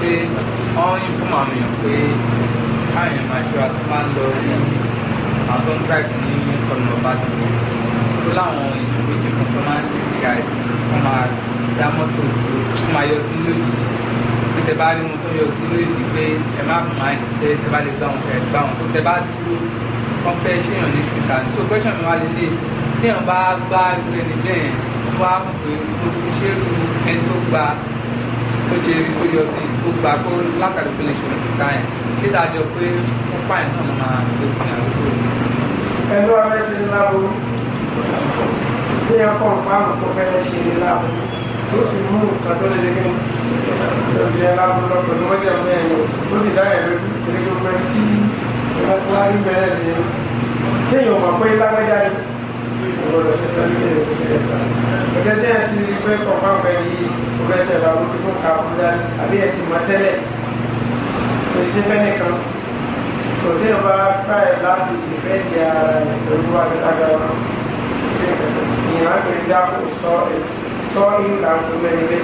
pé wọ́n yìn fún àwọn èèyàn pé káyọ̀ máa ṣọ́ra tó máa ń lọ rí àwọn tó ń ní ọ̀nà ọba tó lọ tó láwọn èèyàn méjì kan tó máa ń tẹ̀ sí àìsí wọ́n máa dá mọ́tò tó máa yọ sí lójijì pé tẹ bá rí wọn tó yọ sí lójijì pé ẹ má kùn máa tẹ tẹ bá lè gbà wọn kẹ gbà wọn tó tẹ bá dúró wọ́n fẹ́ ṣèyàn ní ṣùkà ní so question mi wá lélẹ̀ téèyàn bá gbá ẹni bẹ́ẹ̀ wọ́n á pè é ṣé ẹni tó gba tó ṣe rí tó yọ sí ó gba kó látàrí pé lè ṣòro ti ta ẹ̀ ṣé dájọ́ pé ó pààyàn náà ló máa lè fún ìyàwó tó rí. ẹnu ara ṣe ní láboró bí ẹ kọ́ fáwọn tó fẹ́ ṣe ní láboró tó sì mú nǹkan tó lè lékè ṣèṣe láboró pẹ̀lú ọjà mẹ́rin ó sì dá ẹ̀rọ ìrìnnà tí ìrìnnà tó rí bẹ́ẹ̀ ni téèyàn mọ̀ pé lágbájá ìgbọ́dọ̀ ṣe tán ní ẹ̀ẹ́dẹ́gbẹ̀ta gẹ́gẹ́ bí àti pé kọfà pẹ̀lú ọgbẹ́sẹ̀ ìbáwọ̀ tí kò ká kúndà àbí ẹ̀ ti mọ tẹ́lẹ̀ kò sí fẹ́ nìkan kò tí ò bá gbà ẹ̀ láti ìfẹ́ di ara ẹ̀ pẹ̀lú aṣọ́lágbà wọn ìyẹn á gbé dáfò sọ sọ ìlà tó mẹ́rin lé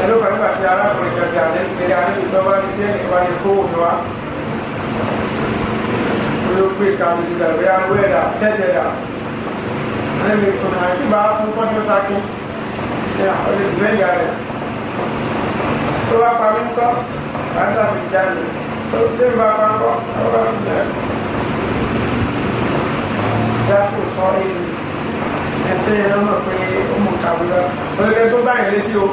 ẹ̀rọ kan nígbà tí arákùnrin jọjọ àlẹ́ ìpínlẹ̀ àlẹ́ ìjọba ní ló gbé kalẹ̀ nígbà bí awé ẹ̀dá tẹ́tẹ̀ dà ẹni fún mi àti bá fún kọ́tù sákì ní ọdún ìgbẹ́ ìyá rẹ̀ tó bá pa mí ńkọ́ àdá fi jáde tó tẹ́ bá pa ńkọ́ àwọn bá fi jáde. Jáfù sọ èyí ẹ̀tẹ́ yẹn mọ̀ pé ó mú kàwúrọ̀ olùkẹ́ tó bá yẹn létí o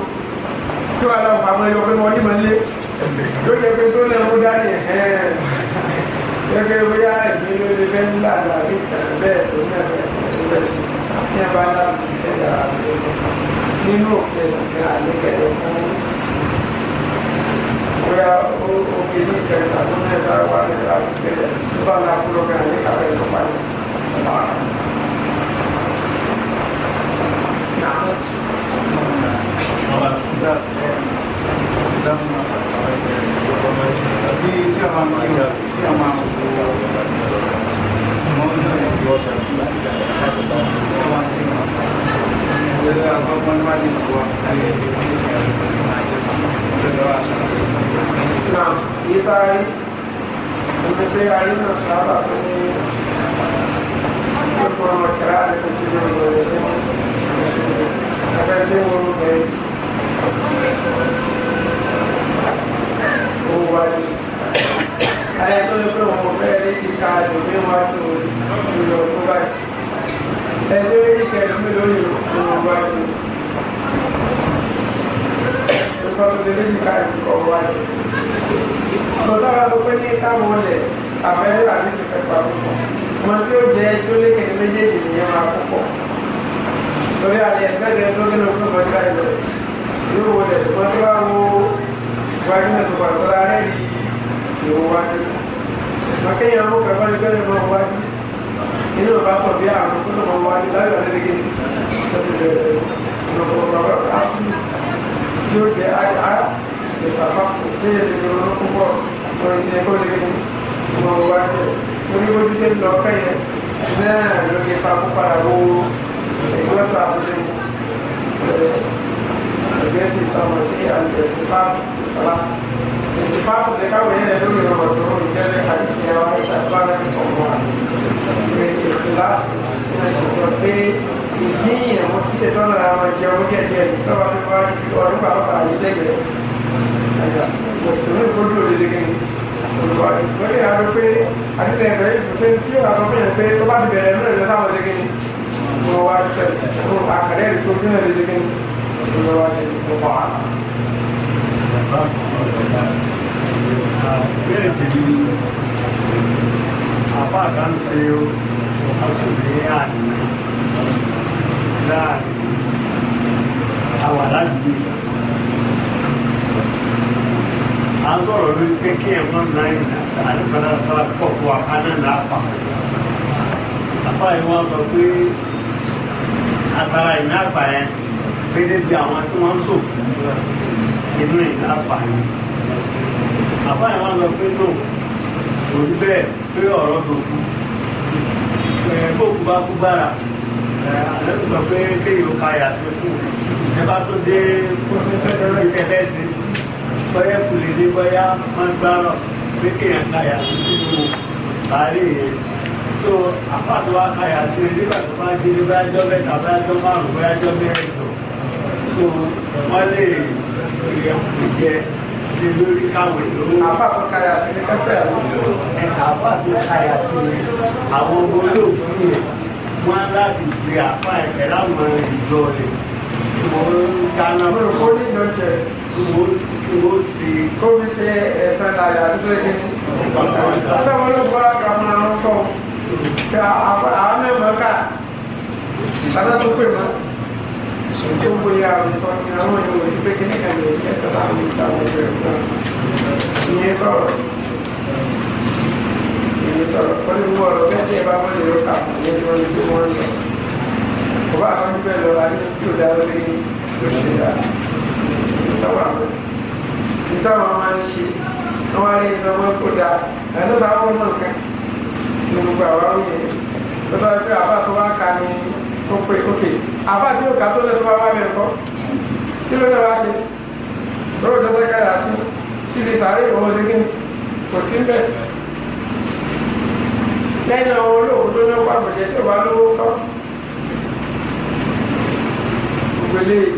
tí wàá lọ pàmò ẹ̀yọ́ pé mo ní mo lé lórí ẹgbẹ́ tó lẹ́nu Porque eu vou aí, eu vou ver um lado da vida, né? Eu vou ver Quem vai lá, pegar. Nem não oferece, cara, nem quero. Agora, o que ele quer, tá? Não é essa agora, ele vai querer. Não vai lá colocar, nem cara, ele não vai. Nada disso. Nada disso. Nada disso. Nada disso. Nada disso. Nada disso. Nada disso. Nada disso. pé ayé náà sábà tó ní gbogbo ọmọ kẹrẹ àti kékeré ọmọ rẹ sí ìṣòro abẹ́lé wọn bẹ owó wájú. ayé tó ní pé òun fẹ́ rí ìka àdùnmí wájú ìlú ọdún báyìí ẹjọ́ rí kẹ̀lú lórí òun wájú. Ìkọ́tù lè rí ìka ìkọ̀ wájú. Ọ̀dọ́ wa ló pé ní táwọn ọlẹ̀ abẹ́rẹ́ àdìsí pẹ̀pà ló sọ ọmọ tí ó jẹ tó lé kẹ̀kẹ́ méjèèjì nìyẹn máa kọ́kọ́ torí àlẹ́ ẹ̀fẹ́ rẹ lókè ló fún ọjà ìlọ yóò wọ lẹ̀ ṣùgbọ́n tí wàá wo wájú ẹ̀tọ́ pàtó rárẹ̀ yìí ìwọ wájú akẹ́yìn àwọn pẹ̀pà ní bẹ́ẹ̀ máa wájú inú ọba pọ̀ bí àrùn tó lọ́ máa wájú láyọ̀ lẹ́gẹ́ tí ó jẹ àyà ìpàpà tó yẹ kí ló ń kó pọ̀ lórí ti ẹ̀kọ́ lẹ́gẹ́ wọn wá lórí ojú ṣe ń lọ kẹyẹ náà ló lè fa kó padà wo ìgbọ́tọ̀ àbúlé ẹgbẹ́sì tọmọ sí àlùfáà sọlá ìtìfáà tó lè káwé yẹn lórí ọ̀rọ̀ tó ń jẹ́lẹ̀ àdìyẹ wa ìṣàkóso àti ọ̀fọ̀ wa ìtìláṣù ìrìnàjò pé ìdíyìn àwọn títẹ̀ tọ́nà àwọn jẹun díẹ̀díẹ̀ tọ́wọ́ tó wá ọdún pàápàá yìí sẹ́gbẹ̀ẹ́ àgbà òtún ní kó dúró lé olùwà ìfúnpẹ́ kí ẹ̀yà ló pé àdìsẹ́ ẹ̀fẹ́ ìfúnpẹ́ tí ó àtọ́ fún yẹn pé tó bá ti bẹ̀rẹ̀ lónìí lọ sáwọn ẹ̀dẹ́gẹ́ ni mo wá ṣe mo àkàrẹ́ ìlú tó gbìyànjú ẹ̀dẹ́gẹ́ ni mo wá ṣe mo fà á. ìbéèrè ti di apá kan ṣe àṣùlẹ̀ àdìmẹ́ láàrin àwàdà yìí ń sọ̀rọ̀ lórí pé kí ẹ̀ mọ́ náà ìrìn àti sọ́dá sọ́dá pọ̀ fún wa ká náà náà pa. apá yìí wọ́n sọ pé àtàrà ìná àgbà yẹn gbédé bí àwọn tí wọ́n ń sòkú inú ìná àgbà yẹn. apá yìí wọ́n sọ pé tó kò bẹ́ẹ̀ pé ọ̀rọ̀ tó kú kóòkù bá kú bára àlẹ́ sọ pé kéèyàn ka yà sí fún un ẹ bá tó dé ìtẹ̀lẹ́sì bọ́yá kulè ní bọ́yá máa gbárọ̀ pé kéèyàn káyà sí sínú sàárè yẹn so àpàtó wa káyà sí nígbà tó bá dé ní bóyá jọ mẹ́ta bóyá jọ márùn bóyá jọ mẹ́rin tó so wọ́n lè yẹ jẹ ní lórí káwọn èlò. àpàtó káyà sí ní sẹ́pẹ̀ àwọn àpàtó káyà sí àwọn olóògbé yẹn wọ́n láti gbé àpá ẹ̀fẹ̀ láwọn ìjọ rẹ̀ tí wọn. mo ní ìjọ tẹ̀ kó fi ṣe ẹ̀sán dáadáa sí tó yẹ kí ni síbẹ̀ wọn ló gbọ́ra kà fún àwọn fọ́ kí àwọn mẹ́mọ́ ká tàbí tó pè mọ́ tó ń bóyá àwọn sọ ní àwọn èèyàn òní pé kí ní kan lè ní ẹ̀tọ́ láwọn ìgbà wọn ṣe ẹ̀kọ́ ìyẹn sọ̀rọ̀ ìyẹn sọ̀rọ̀ wọ́n ní wọ́n ọ̀rọ̀ bẹ́ẹ̀ tí ẹ bá wọ́n lè lọ́ka fún ìyẹn tí wọ́n ni tó wọ́n lọ. bàbá àtọ́jú bẹ́ẹ̀ lọ adé tó dáa lórí lóṣèlú táwọn máa ń ṣe wọn á rí ìtọ́ wọn kó dáa ẹ̀ẹ́dọ́ ta wọ́n mọ̀ nǹkan ní gbogbo àwọn oúnjẹ tó bá pẹ́ àbá tó wá ka ni ó pè ókè àbá tí ó kà tó lẹ́ tó bá wá mi ẹ̀kọ́ kí ló náà wá ṣe lọ́wọ́ tó fẹ́ káyà sí síbi sàárè òun ṣe kí ni kò sí bẹ́ẹ̀ lẹ́yìn àwọn olóòkú tó ní wà bọ̀jẹ̀ tí ò bá lówó kọ́ gbogbo eléyìí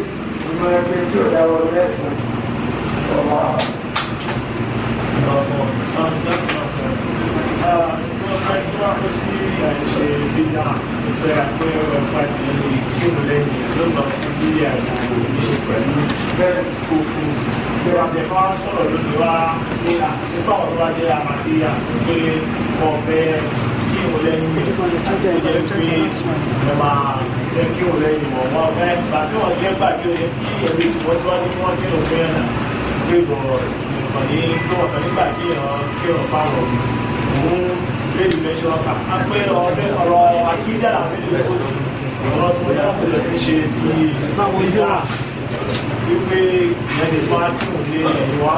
ìmọ̀ ẹgbẹ́ tí ò dáwọ́ lẹ́sàn kí òun lẹ́yìn mọ̀ wọ́n bá tí wọ́n ti lẹ́gbàá kí ó yẹ kí ẹ̀rí ìwọ́síwájú wọn kí òun fẹ́ràn pé bọ̀ ìrìnkàn ní lọ́wọ́ kan nígbà tí ìran kírun fáwọn òun lédi mẹ́ṣọ́ ọ̀pá á pé ọ̀rọ̀ akídà àfẹ́lẹ́ kó sí ọ̀rọ̀ tí wọ́n yára pẹ̀lú kí n ṣe ti ìdá wípé ìyẹn ti fún átùn ní ìwà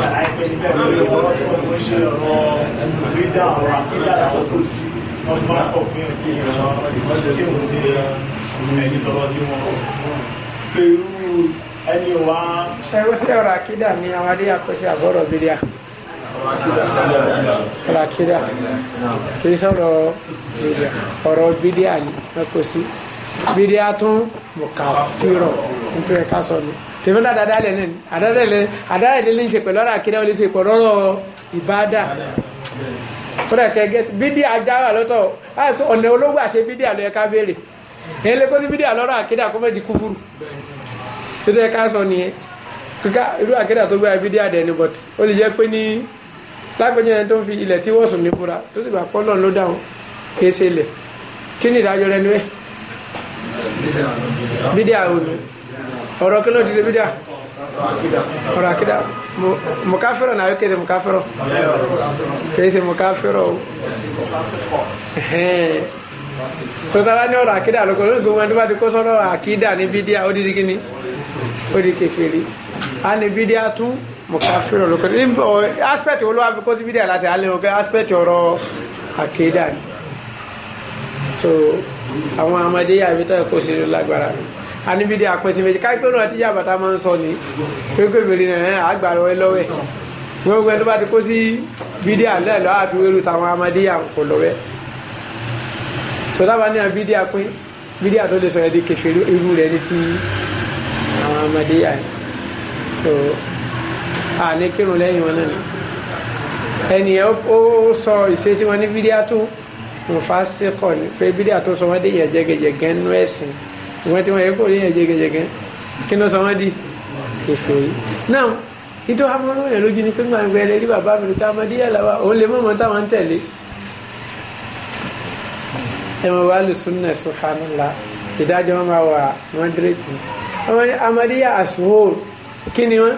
láti àìpẹ́ níbẹ̀ lórí ọ̀rọ̀ tí wọ́n ń ṣe ọ̀rọ̀ ìdá ọ̀rọ̀ akídà àwọn kó sí ọgbà ọ̀fin kí ìran ìtọ́jú kí òun ṣe ẹni tọrọ tí wọ́n pé irú ẹni wa. ẹgbẹ́ sí ọ̀rọ̀ àkídà ni àwọn adé àkọsí àbọ̀rọ̀ bíríà ọ̀rọ̀ àkídà kì í sọ̀rọ̀ bíríà ọ̀rọ̀ bíríà ni wọ́n kò sí bíríà tún mùkàfírọ̀ nítorí ẹ̀ka sọ ni tèmi náà dáadáa lẹ ní àdáadáa lẹ àdáadáa lẹ ní ṣe pẹ̀lú ọ̀rọ̀ àkídà ó lè ṣe pẹ̀lú ọ̀rọ̀ ìbádà ó dẹ̀ kẹ́ gẹ́tì bídí ajára lọ́tọ̀ ọ̀nà ológun àṣẹ bídí àlọ́ ẹ̀ka béèrè èyí lè kó sí bídí àlọ́rọ̀ àkídà kó fẹ́ di kúfúrú títí ẹ ká sọ nìyẹn kíká irú àkídà tó gbé abídí àdẹ ni but ó lè jẹ́ pé ní lápẹjọ yẹn tó ń fi ilẹ̀ tí wọ́n sùn ní búra tó sì gbà pọ́ náà ló dáhùn kì í ṣe ilẹ̀ kí ni ìdájọ́ rẹ níbẹ̀ bídíà òní ọ̀rọ̀ kí ló ti di bídíà ọ̀rọ̀ àkídà mukafiro na ayokele mukafiro kese mukafiro sotara ni ọ̀rọ̀ àkídà lọkọ lórí gbogbo ẹni tó bá ti kó sọ̀rọ̀ àkídà ní bídíà ó dídí kí ni ó di kèfèrí a ní bídíà tún mọ̀káfíìrọ̀ lóko ní aspect wo ló wá fi kó sí bídíà láti alẹ́ lóko aspect ọ̀rọ̀ àkédà ni so àwọn ọmọdé yàrá tó kó sí lágbára a ní bídíà pín sí méjì káyipẹ́ náà ti yàbàtà máa ń sọ ni pé kèfèrí náà àgbà rẹ lọ́wẹ́ gbogbo ẹni tó bá ti kó sí bídíà náà lọ́wọ́ àfi wẹ́rù táwọn ọmọdé yàrá kò lọ́wẹ́ so tábà ní à bídíà pín bídíà tó lè sọ Ahmadiyya so a ní kírun lẹ́yìn wọn náà ẹnìyẹn ó sọ ìṣesí wọn ní bídíà tó mufasikọ ni pé bídíà tó sọ wọn dé yẹn jẹgẹjẹgẹ nínú ẹsìn ìwọ tí wọn yẹ kó rí yẹn jẹgẹjẹgẹ kí ló sọ wọn di kẹfẹ yìí náà nítorí amúnáwó yẹn lójú ni pé máa ń gbé ẹlẹ́rìí bàbá mi ní kámadíyà làwà òun lè mọ̀mọ́ táwọn ń tẹ̀lé ẹ mọ̀ wá lùsùn náà subhanallah ìdájọ́ wọn máa wà mọ́dírètì àwọn amadíyà àsùnwòn kí ni wọ́n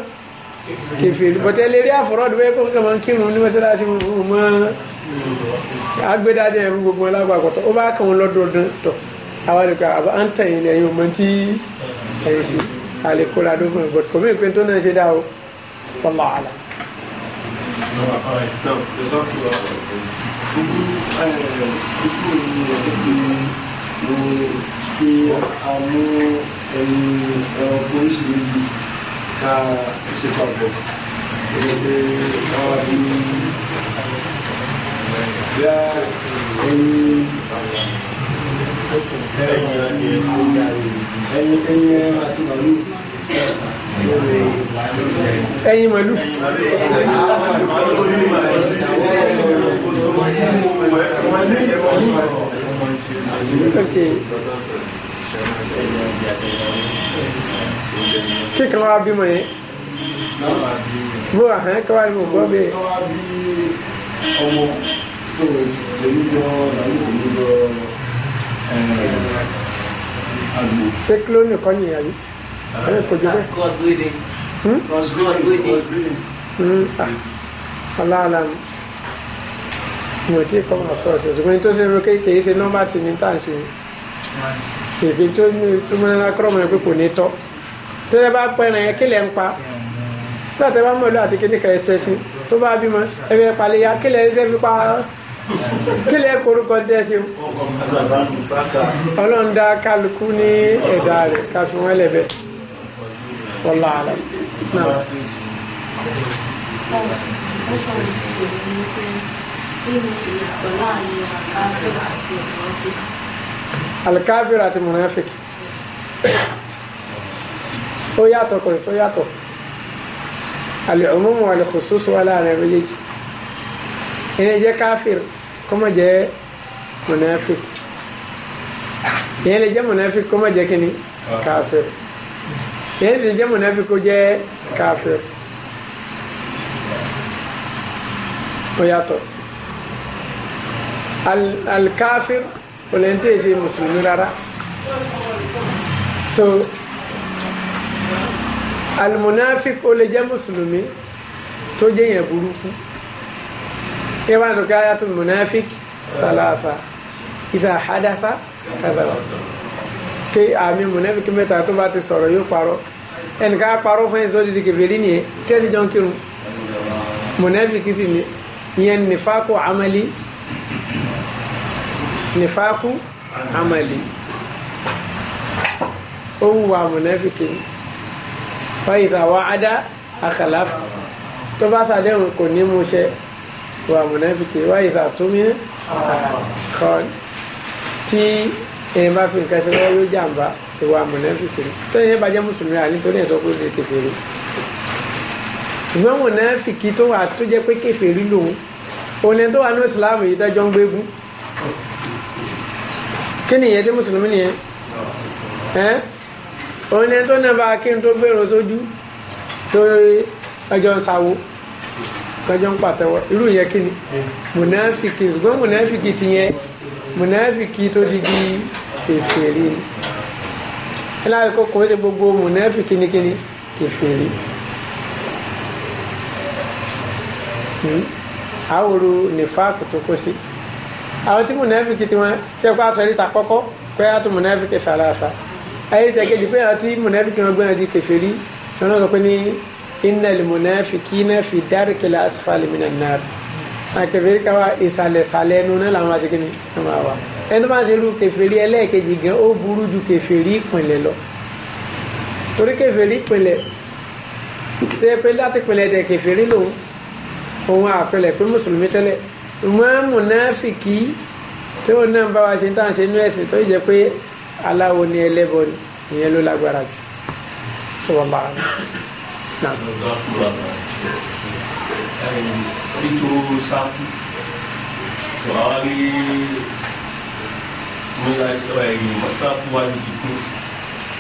kèfèrí bọ̀tẹ́ lérí àfọ̀rọ̀dù bẹ́ẹ̀ kó kàn máa ń kírun ní mọ́sálásí mọ́ agbẹ́dájẹ́ ẹ̀rú gbogbo alágbàkọ̀tọ̀ ó bá kàn wọ́n lọ́dọọdún tọ̀ àwọn àlùkò àbá ń tẹ̀yìn ní ẹ̀yìn ọmọntí ẹ̀yìn sí àlèkòlà tó fún ẹ̀ bọ̀t kò mí ìpín tó náà ṣe dá o ọlọ àlà. Gbogbo ẹ̀rọ ẹni ẹranko oríṣiríṣi ká ṣe papọ̀ ẹgbẹ́ káwá bí bíá ẹni ẹni ẹni ẹran àti màálù ẹyin màálù ok kí kan wá bímọ yẹn bó àhán kí wá ní mọ̀ bọ́ bẹ́ẹ̀. ọmọ tó lèmi jọ làwọn òní lọ àgbò. ṣé kílónì kan nìyà yìí ẹ̀rọ kò jẹ́ bẹ́ẹ̀. aláàlá mi mo ti kọ́ máa fọ́ ọ̀sẹ̀ ṣùgbọ́n tó ṣe é kékeré ṣe nọ́mbà tí mi tà ń èdè tó ní túmọ̀ akọ́rọ̀mọ̀ yẹn pé kò ní tọ́ tẹ́lẹ̀ bá pẹ́ran yẹn kílẹ̀ ń pa nígbà tẹ́lẹ̀ bá mọ̀ lọ àti kíní kan ẹsẹ̀ sí tó bá bímọ ẹ̀fẹ̀ pàlẹ́yà kílẹ̀ ẹsẹ̀ fi pa kílẹ̀ korúkọ dẹ́sí o. ọlọ́run dá kálukú ní ẹ̀dá rẹ̀ ká fi wọ́n lẹ̀ bẹ́ẹ̀ ọ̀la rẹ̀ náà. Thank you alikafir àti munafik ó yàtọ̀ kò tó yàtọ̀ alìcumumu alìkhususu wà láàrin méjèèjì ẹni jẹ́ káfíìr kó má jẹ́ munafik ìyẹn lè jẹ́ munafik kó má jẹ́ kíni káfíìr ìyẹn lè jẹ́ munafik kó jẹ́ káfíìr ó yàtọ̀ alìkafir. Al ọ̀nà tí èsì mùsùlùmí rárá so alimunafik ó lè jẹ́ mùsùlùmí tó jẹ́ yẹn burúkú kí wọ́n á dùn kí ayatul munafik salasa ìta àdáfà kàdàrà kí àmì munafik mẹ́ta tó bá ti sọ̀rọ̀ yóò parọ́ ẹnìkan á parọ́ fún ẹ̀sọ́ dídí kẹfẹ́rí nìyẹn tẹ́lẹ̀ jọ kírun munafik sì ni ìyẹn nífàkù amali nifaku amali ohun wa munafiki fayita wa ada akalaf tó bá ṣàdéhùn kò ní mú ṣe wa munafiki fayita tumi kan tí èyí bá fi nǹkan ṣe wọ́n yóò jàǹbá ìwà munafiki tó yẹ bá jẹ́ mùsùlùmí àní tó ní ẹ̀sọ́ pé ó lè kèfèrí ṣùgbọ́n munafiki tó wà tó jẹ́ pé kèfèrí lòun òun lẹ́ni tó wà ní ìsìlámù yìí dájọ́ ń gbégún kí nìyẹn tí mùsùlùmí nìyẹn ẹ òun ni tó náà bá kí n tó gbèrò sójú tó ọjọ́ ń sáwó ọjọ́ ń pàtẹ́wọ́ irú yẹn kí ni mùnáfìkì ṣùgbọ́n mùnáfìkì ti yẹn mùnáfìkì tó di di kèfèrí ni ẹ láti kókò ó ti gbogbo mùnáfìkì ni kí ni kèfèrí hmm? àwòrò nífàkù tó kó sí àwọn tí mùnàfíkì tí wọ́n ṣe pé aṣọ ìrìta kọ́kọ́ pé a tún mùnàfíkì fàlàfà ayé tẹ̀kejì pé àwọn tí mùnàfíkì wọn gbẹ́nà di kèfèrí wọn náà sọ pé ní innal munafiqina fi darkil asfali minan nar àkèfèrí káwa ìsàlẹ̀ sàlẹ̀ ẹnu náà làwọn àti kìnnì ẹ̀ máa wà ẹni máa ń ṣe irú kèfèrí ẹlẹ́ẹ̀kejì gan ó burú ju kèfèrí ìpìnlẹ̀ lọ torí kèfèrí ìpìnlẹ̀ tẹ́ pé láti pìnlẹ̀ tẹ̀ kèfèrí lòun òun àpẹlẹ̀ pé mùsùlùmí tẹ́lẹ̀ ìwọ́n mùnáfìkì tí òun náà bá wa ṣe tá à ń ṣe inú ẹ̀sìn tó jẹ́ pé aláwo ni ẹlẹ́bọ ni ìyẹn ló lágbára jù sọ̀rọ̀ bá a nà. ètò sáfù wàá rí sáfù wájú kíkún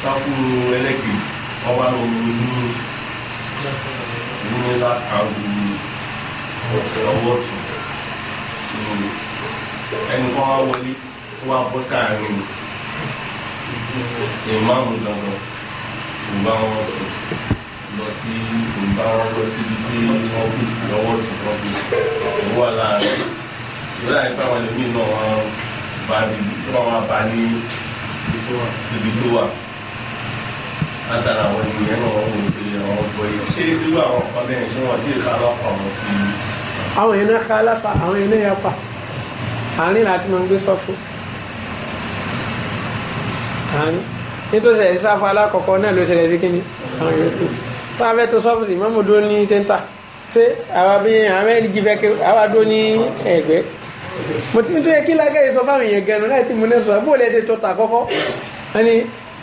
sáfù ẹlẹ́gbẹ̀ẹ́ wọ́n wá lọ ní ní last round ọ̀sẹ̀ ọwọ́ tún nínú mi ẹnì kan wá wọlé ó wá bọ́ sáàárín mi èèyàn márùn-ún gangan kò bá wọn lọ sí kò bá wọn lọ síbi tí ọ́fíìsì lọ́wọ́ tó ọ́fíìsì òun wà láàárín ṣùgbọ́n àìpẹ́ àwọn ẹlòmíì náà wọn bá wọn bá ní ibi tó wà látara àwọn ènìyàn náà wọn wò pé àwọn ọgbọ yìí àwọn kan bẹ́ẹ̀ ṣé wọn ti ká lọ́kàn wọn ti àwọn yẹn náà ká aláfa àwọn yẹn náà yà pa àárín láti máa ń gbé sọ́fù àárín nítorí ẹ̀sìn sáfù alákọ̀ọ́kọ́ náà ló ṣẹlẹ̀ sí kínní àwọn yẹn kú tó a fẹ́ tó sọ́fù sí mọ́mú dúró ní sẹ́ńtà ṣé àwa bí àwọn ẹni jí fẹ́ kí àwa dúró ní ẹ̀gbẹ́ mo ti tó yẹ kí lágẹ̀yẹ sọ fáwọn èèyàn gan-an láti mú náà sọ bó lẹ́ ṣe tó ta kọ́kọ́ ẹni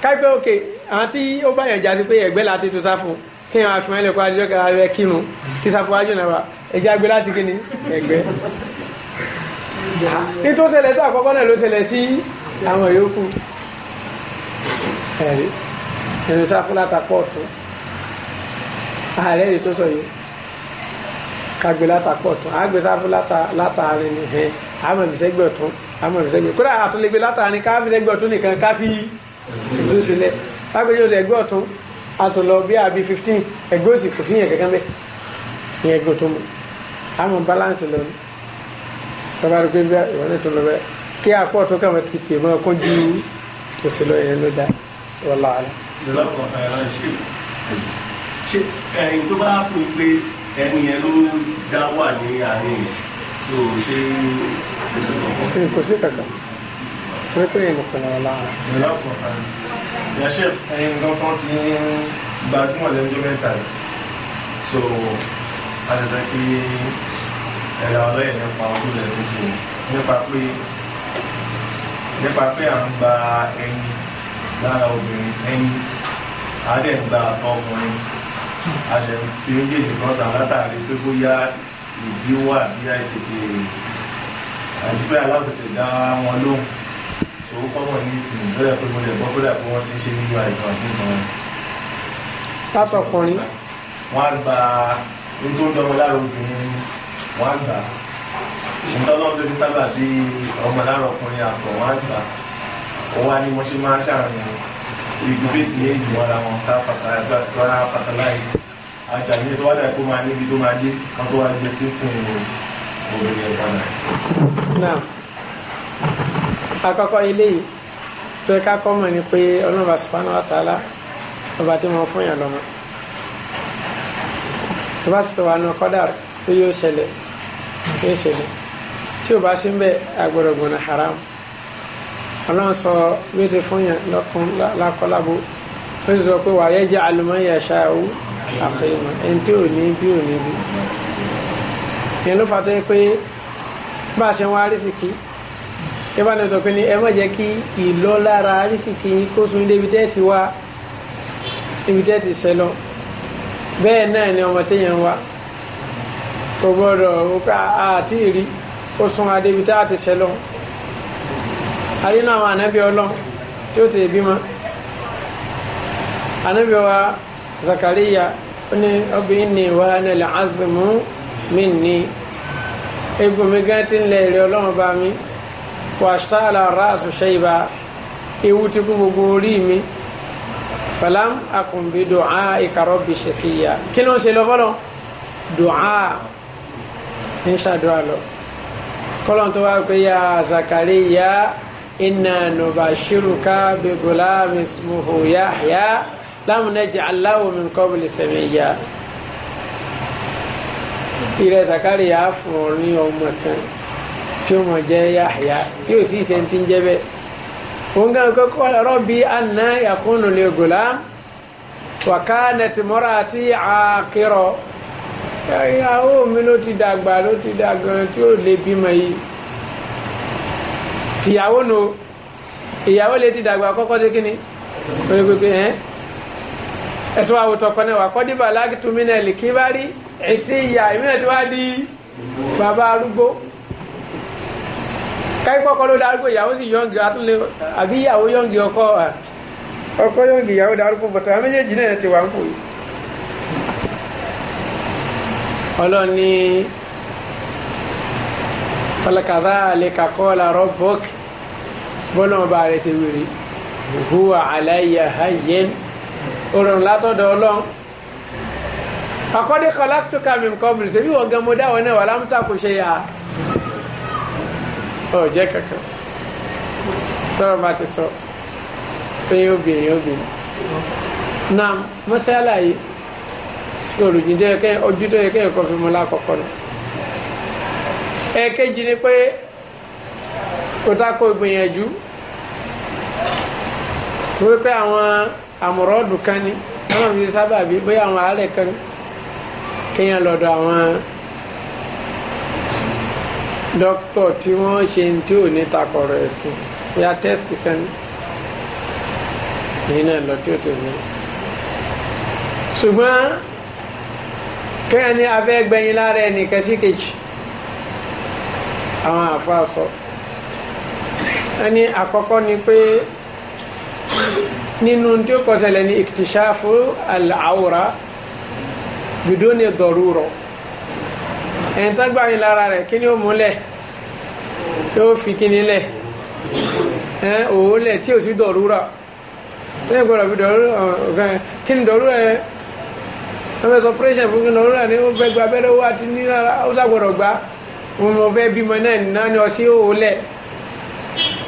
kápẹ́ òkè àwọn tí ó bá yàn já pé ẹ̀gbẹ́ láti tó sáfù kí wọn àfihàn ẹlẹ́kọ̀ọ́ adijọ́ ẹjẹ́ agbe láti kí ni ẹgbẹ́ nítorí ṣẹlẹ̀ sí àkọ́kọ́ náà ló ṣẹlẹ̀ sí àwọn yòókù ẹ̀rí ẹnu sáfúlà tapọ̀ ọ̀tún ààrẹ yìí tó sọ yìí kagbe látàpọ̀ ọ̀tún àgbẹ̀ sáfúlà látàárín ni ẹ̀ àmọ̀ ìfisẹ́gbẹ̀ ọ̀tún àmọ́ ìfisẹ́gbẹ̀ kódà àtúnlẹ̀gbẹ̀ látàárín ká fìsẹ́gbẹ̀ ọ̀tún nìkan ká fi ìlú sílẹ̀ lágbèjọ́ ẹgbẹ́ ọ̀tún àtúnlọ bí àbí fifteen ẹgbẹ́ òsì kò sí yẹn kankan bẹ́ẹ̀ ìyẹn ẹgbẹ́ ọ̀tún àmọ́ balance lónìí tọ́ba rẹ̀ pé bí ìwọ ní tún lọ bẹ́ẹ̀ kí akọ́ tó kàwọn ti tè mọ́ kó ju òsì lọ yẹn ló dá wàlá àlá. ṣe ẹ̀yin tó bá pè pé ẹni yẹn ló dá wà ní àárín yìí so ṣé kò sí kankan. kò sí kankan wọ́n pè é nìkan wàlá àlá. ìyàṣẹ́ ẹ̀yin nǹkan kan ti gbajúmọ̀ lẹ́nu tó mẹ́ta yìí so láti jẹ́ pé ẹ̀rọ ọlọ́yẹ̀ nípa ojú rẹ̀ sí ṣe nípa pé nípa pé à ń gba ẹyin lára obìnrin ẹyin a dẹ̀ ń gba àtọ̀ ọkùnrin a dẹ̀ ń fi méjèèjì kan sàn látàrí pé bóyá ìdí wà bí àìtètè àti pé alátètè dá wọn lóhùn ṣòwò kọ́mọ̀ ní ìsìn lọ́yà pé mo lè gbọ́ nítorí ọmọ lára obìnrin wọn á gbà ìtọ́lọ́dún ló ní sábà bí ọmọ lára ọkùnrin àtọ̀ wọn á gbà òun á ní wọ́n ṣe máa ṣàrùn ìdúbẹ́tì méjì wọn ra wọn ká fatalize ajá ní tó wá dà kó máa níbi tó máa dé kan tó wá gbé sí fún òun ẹ̀ka náà. àkọ́kọ́ eléyìí tó ẹ ká kọ́ mọ̀ ni pé ọlọ́run subhanahu wa ta'ala ọba tí mo fún yàn lọ́mọ tó bá sì tó wà sele, kọ́dà tó yóò ṣẹlẹ̀ yóò tí o bá sí ń bẹ agbọ̀dọ̀ gbọ̀nà haram ọlọ́run sọ bí o ti fún yàn lọ́kùn lákọ́lábo ó sì sọ pé wàá yẹ́jẹ́ alùmọ́yà ṣáàwó àtọ̀yìnmọ́ ẹni tí ò ní bí ò ní bí yẹn ló fà tó yẹ pé bá a ṣe ń wá rísìkì yẹ bá nàìjọ pé ní ẹ má jẹ́ kí ìlọ́lára rísìkì kó sun débi tẹ́ẹ̀tì wá débi tẹ́ẹ̀tì sẹ́lọ̀ bẹ́ẹ̀ náà ni ọmọ téèyàn wá kò gbọ́dọ̀ àti ìrí ó sun adébi tá a ti ṣẹlọ ayé náà àwọn ànábì ọlọ́n tí ó ti bímọ ànábì wa Zakariya ó ní obìnrin ní ìwà nílẹ̀ azimu mi ní egbò mi gán ti ń lẹ èrè ọlọ́run bá mi wàṣálà ráàsù ṣe ìbá ewu ti kú gbogbo orí mi. falam akunbi du'a ikarọ bi ṣèkìyà kí ló ń ṣe lọ fọlọ du'a ń ṣàdúrà lọ kọlọ́n tó ya zakariya inna nubashiruka bi gulamin ismuhu yahya lam naj'al lahu min qabli samiyya ìrẹ zakariya fún ọ ní ọmọ kan tí ó mọ jẹ yahya yóò sì ṣe ń ti ń jẹ wọn gan kọ́kọ́ rọ́bì anna yakunu li gulam wa kanat murati àkérò ìyàwó mi ló ti dàgbà ló ti dàgbà tí ó lè bímọ yìí tìyàwó no ìyàwó lè ti dàgbà kọ́kọ́ sí kínní wọ́n ẹ́ ẹ̀tọ́ àwòtọ́ kan náà wà kọ́díbà lágìtúmínà lè kí bá ìyá ìmínà tí wàá di bàbá arúgbó káyipọ̀ kọ́ ló darúgbó ìyàwó sì yọ̀ǹgì àtúnlé àbí ìyàwó yọ̀ǹgì ọkọ ọkọ yọ̀ǹgì ìyàwó darúgbó bọ̀tà méjèèjì náà ti wà ń kú yìí. ọlọ́ni falakadà lè kakọ́ la rọ́bọ̀kì bọ́lá ọba rẹ̀ ṣe wèrè huwa aláyà hayẹ́n òrùn látọ̀dọ̀ ọlọ́run akọ́dé kọlá tó kàmí nǹkan mìíràn ṣe bí wọ́n gan mo dáwọ́ náà wà lámúta kò ṣe yà á ọ̀jẹ́ oh, kankan tọ́rọ bá ti sọ pé obìnrin obìnrin na mọ́sálà yìí tí olùjíjẹ́ ojú tó yẹ kéèyàn kan fi mú lákọ̀ọ́kọ́ nù ẹ̀ẹ̀kejì ni pé kò tako ìgbìyànjú tó wípé àwọn àmọ̀rọ̀dù kan ni wọ́n fi sábà dókítà tí wọ́n ṣe ń tí ò ní takọ̀rọ̀ ẹ̀sìn ya test kan ní náà lọ tí ó ti ní. ṣùgbọ́n kẹ́hìn ní afẹ́ gbẹ̀yìn lára ẹnìkan sí kejì àwọn àfa sọ ẹni àkọ́kọ́ ni pé nínú tí ó kọsẹ̀lẹ̀ ní ìkìtìṣáfù al-awra bidoni darura ẹni tá gbà yín lára rẹ̀ kí ni ó múlẹ̀ yóò fi kí ni lẹ̀ ẹ òwò lẹ̀ tí ò sí dọ̀rúrà lẹ́yìn gbọ́dọ̀ fi dọ̀rúrà ọ̀gá kí ni dọ̀rúrà yẹn wọ́n fẹ́ sọ pírẹ́sẹ̀ fún kí ni dọ̀rúrà ni wọ́n fẹ́ gba abẹ́rẹ́ owó àti nílára ọ̀sà gbọ́dọ̀ gbá wọn mọ̀ fẹ́ bímọ náà nínú ni ọsí òwò lẹ̀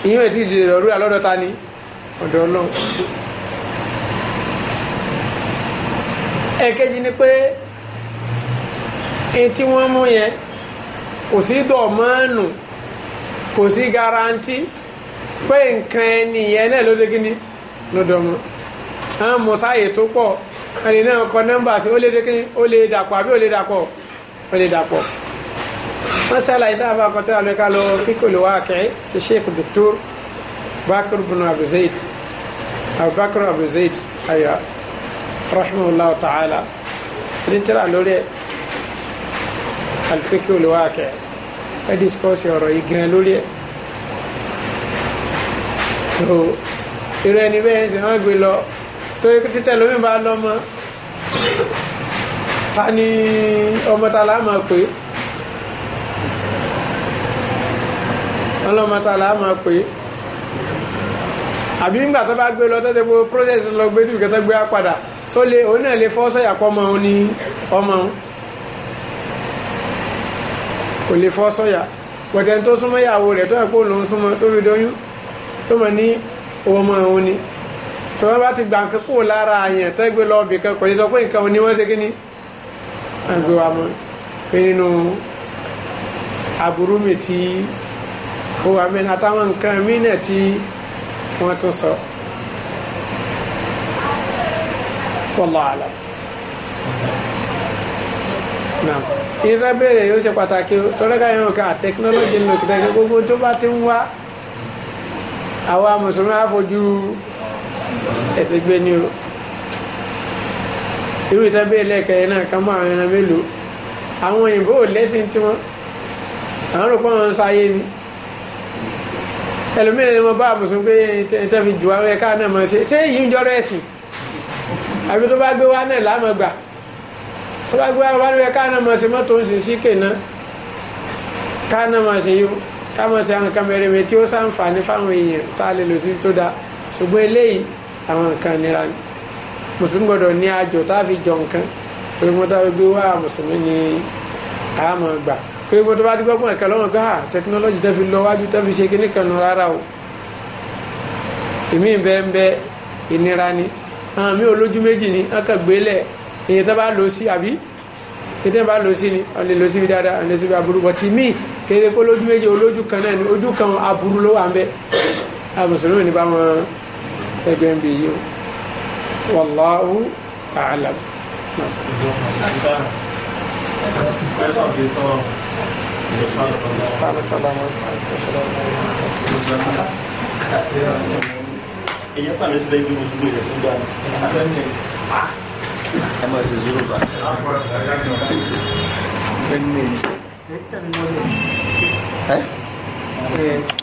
ìyẹn ò tí ì dìde dọ̀rúrà lọ́dọ̀ ta ni ọ̀dọ̀ náà ẹ̀kẹ́jì ni pé tí wọ́n mú yẹn kò sí dọ̀mọ́ọ̀nù kò sí garanti pé nǹkan ẹni yẹn náà ló dé kíní ló dọ̀mọ́ àwọn mọ̀sáyè tó pọ̀ ẹni náà kọ nọ́mbà sí ó lè dé kíní ó lè dàpọ̀ àbí ó lè dàpọ̀ ó lè dàpọ̀ wọ́n ṣàlàyé tá a bá kọtẹ́ àlọ́ ká lọ fíkòlù wá kẹ́ ti sheikh doctor bakr bin abu zayd abu bakr abu zayd aywa rahmanulahu ta'ala ní tíra lórí ẹ̀ alfiki olùwàkẹ́ ẹ discourse ọ̀rọ̀ yìí gan lórí ẹ̀ so irú ẹni bẹ́ẹ̀ ń sìn wọ́n gbé lọ torí pé títẹ̀ lómi bá lọ́mọ ta ni ọmọ ta la máa pè ọlọ́mọ ta la máa pè àbí nígbà tó bá gbé lọ tẹ́tẹ́ bó project lọ gbé tí kò kẹ́tẹ́ gbé á padà sólè òun náà lè fọ́ sọ́yà pọ́ ọmọ òun ní ọmọ òun kò lè fọ́ sọ́yà pọ̀tẹ́ni tó súnmọ́ ìyàwó rẹ̀ tó yẹ kó lòún súnmọ́ tó fi dóyún tó mọ̀ ní ọmọ òun ni tí wọ́n bá ti gbà nǹkan kúrò lára àyàn tẹ́gbẹ́ lọ bì kan kò ní sọ pé nǹkan ni wọ́n ṣe kí ni àgbéwà mọ́ pé nínú aburú mi tí ó wà mẹ́ni àtàwọn nǹkan mí náà tí wọ́n tún sọ. Wallahu a'lam. Naam irẹ́ bèrè yóò ṣe pàtàkì tọ́lẹ́ka yẹn kan technology lò kìtẹ́kẹ́ gbogbo tó bá ti ń wá àwa mùsùlùmí àfojú ẹ̀sìn gbé ni o irú ìtàn bẹ́ẹ̀ lẹ́ẹ̀kan yẹn náà ká mọ àwọn ẹran mélòó àwọn òyìnbó ò lẹ́sìn tí wọ́n àwọn rò pé wọ́n ń sáyé ni ẹlòmíràn ni mo bá àmùsùn pé tẹ́ fi jù àwọn ẹ̀ka náà mọ̀ ṣe ṣé èyí ń jọrọ ẹ̀sìn àbí tó bá gbé wá náà lámọ̀ gbà tó bá gbé wa lóye ká náà máa ṣe mọ́tò ń sìn sí kèná ká náà máa ṣe yó ká máa ṣe àwọn nǹkan mẹ́rin mi tí ó ṣàǹfààní fáwọn èèyàn tá a lè lò sí tó dáa ṣùgbọ́n eléyìí àwọn nǹkan nira ni mùsùlùmí gbọ́dọ̀ ní àjò tá a fi jọ nǹkan torí mo dábẹ́ gbé wá mùsùlùmí ni a gbà torí mo tó bá dúpẹ́ fún ẹ̀ka lọ́wọ́ gbà ah, tẹkinọ́lọ́jì tó fi lọ wájú tó fi ṣe kíní kan nù rárá o èmi bẹ́ẹ̀ bẹ́ẹ̀ ìnira ni àwọn mi méjì ni wọ́n kàn èyí tó bá lò sí àbí èyí tó bá lò sí ni ọ̀n lè lò síbi dáadáa ọ̀n lè síbi aburú bọ̀tí míì kéde kó lójú méje olójú kan náà ni ojú kan aburú ló wà ń bẹ àmùsùlùmí ni bá wọn ẹgbẹ́ ń bì yí o wallahu a'lam. èyí ẹ máa ṣe zoro bá. ẹ. Eh,